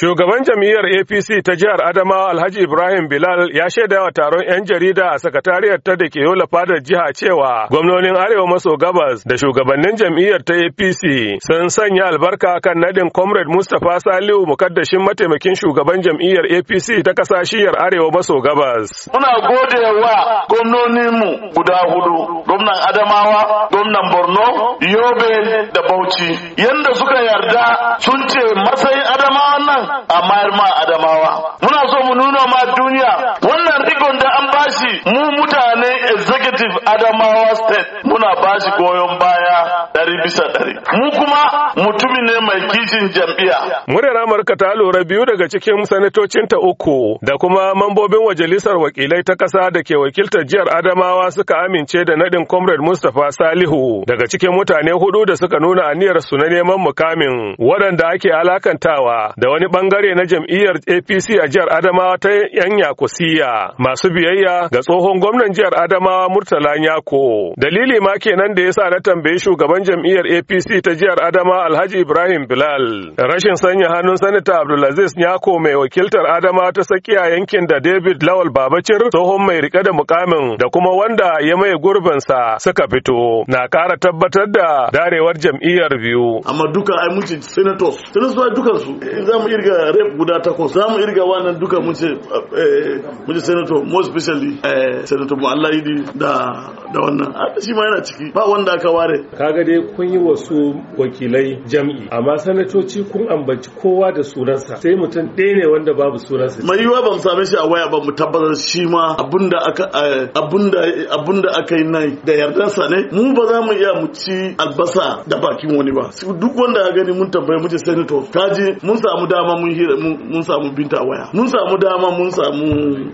Shugaban jam'iyyar APC ta jihar Adamawa Alhaji Ibrahim Bilal ya shaida wa taron 'yan jarida a sakatariyar ta da ke yola fadar jiha cewa gwamnonin Arewa maso gabas da shugabannin jam'iyyar ta APC sun sanya albarka kan nadin Comrade Mustapha Salihu mukaddashin mataimakin shugaban jam'iyyar APC ta Kasashiyar Arewa maso gabas. Muna gode wa gwamnoninmu guda hudu, gwamnan Adamawa, gwamnan Borno, Yobe da Bauchi, yanda suka yarda sun ce matsayi a mayar ma adamawa muna so mu nuna ma duniya wannan rigon da an bashi mu mutane executive adamawa state muna bashi goyon baya ɗari bisa ɗari mu kuma mutumin ne kishin jam'iyya. Muryar Amurka ta lura biyu daga cikin sanatocinta uku da kuma mambobin majalisar wakilai ta ƙasa da ke wakiltar jihar Adamawa suka amince da naɗin Comrade Mustapha Salihu daga cikin mutane hudu da suka nuna aniyar su na neman mukamin waɗanda ake alakantawa da wani ɓangare na jam'iyyar APC a jihar Adamawa ta yan Yakusiya masu biyayya ga tsohon gwamnan jihar Adamawa Murtala Yako. Dalili ma kenan da ya sa na tambayi shugaban jam'iyyar APC ta jihar Adamawa Alhaji Ibrahim Bilal. Rashin sanya hannun Sanata Abdulaziz Nyako mai wakiltar Adama ta tsakiya yankin da David Lawal Babacir tsohon mai rike da mukamin da kuma wanda ya maye gurbinsa suka fito na kara tabbatar da darewar jam'iyyar biyu. Amma duka ai mun ce senators, su duka su za mu irga rep guda takwas, za mu irga wannan duka mun ce eh, mun ce senator most especially eh, senator Mualla Idi da da wannan. Shi ma yana ciki ba wanda aka ware. Kaga dai kun yi wasu wakilai jam'i amma amma sanatoci kun ambaci kowa da sunansa sai mutum ɗaya ne wanda babu sunansa mai yiwuwa ba mu same shi a waya ba mu tabbatar shi ma abinda aka abinda abinda aka yi nan da yardansa ne mu ba za mu iya mu ci albasa da bakin wani ba duk wanda ya gani mun tambaye mu ce senator kaji mun samu dama mun hira mun samu binta waya mun samu dama mun samu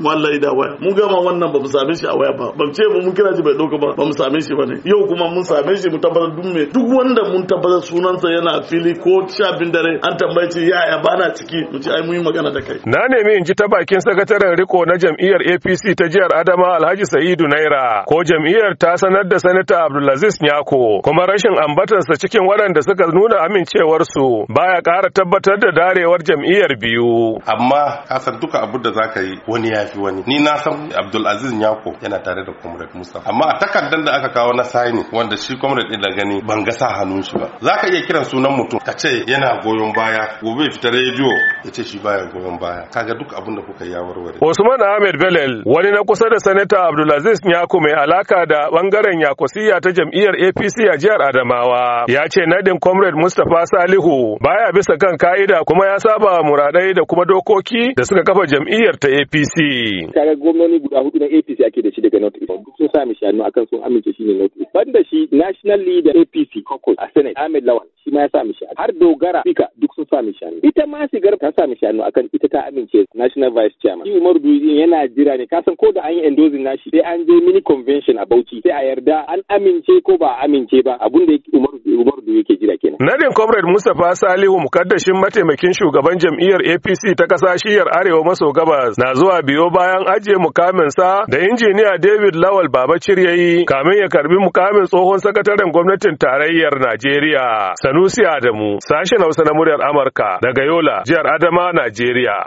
wallahi da waya mun gama wannan ba mu same shi a waya ba ba ce mun kira shi bai dauka ba ba mu same shi ba ne yau kuma mun same shi mu tabbatar duk me duk wanda mun tabbatar sunansa yana fili ko sha bin dare an tambaye ce yaya bana ciki mu ci ai mun yi magana da kai na nemi in ji ta bakin sakataren riko na jam'iyyar APC ta jihar Adama Alhaji Sa'idu Naira ko jam'iyyar ta sanar da sanata Abdulaziz Nyako kuma rashin ambatarsa cikin waɗanda suka nuna amincewarsu baya ƙara tabbatar da darewar jam'iyyar biyu amma san duka abu da zaka yi wani yafi wani ni na san Abdulaziz Nyako yana tare da Comrade Musa amma a takardar da aka kawo na sani wanda shi comrade din da gani ban ga sa hannun shi ba zaka iya kiran sunan mutum ka ce yana goyon baya gobe fita rediyo ya ce shi baya goyon baya kaga duk abin da kuka ya warware Usman Ahmed Belel wani na kusa da sanata Abdulaziz Nyako mai alaka da bangaren Yakosiya ta jam'iyyar APC a jihar Adamawa ya ce nadin comrade Mustapha Salihu baya bisa kan ka'ida kuma ya saba muradai da kuma dokoki da suka kafa jam'iyyar ta APC kaga gwamnoni guda hudu na APC ake da shi daga North East duk sun sa mishi hannu akan sun amince shi ne North East banda shi national leader APC Kokol a Senate Ahmed Lawal shi ma ya sa mishi har dogara fika duk sun sa mishi hannu ita ma sigar ta sa mishi hannu akan ita ta amince national vice chairman shi Umaru Duri yana jira ne kasan ko da an yi endozin nashi sai an je mini convention a Bauchi sai a yarda an amince ko ba a amince ba abun da Umaru yake jira kenan. Nadin Comrade Mustapha Salihu mukaddashin mataimakin shugaban jam'iyyar APC ta kasa shiyar Arewa maso gabas na zuwa biyo bayan ajiye mukamin sa da injiniya David Lawal Baba Ciryayi kamin ya karbi mukamin tsohon sakataren gwamnatin tarayyar Najeriya Sanusi Adamu sashen Hausa na muryar Amurka daga Yola jihar Adama Najeriya.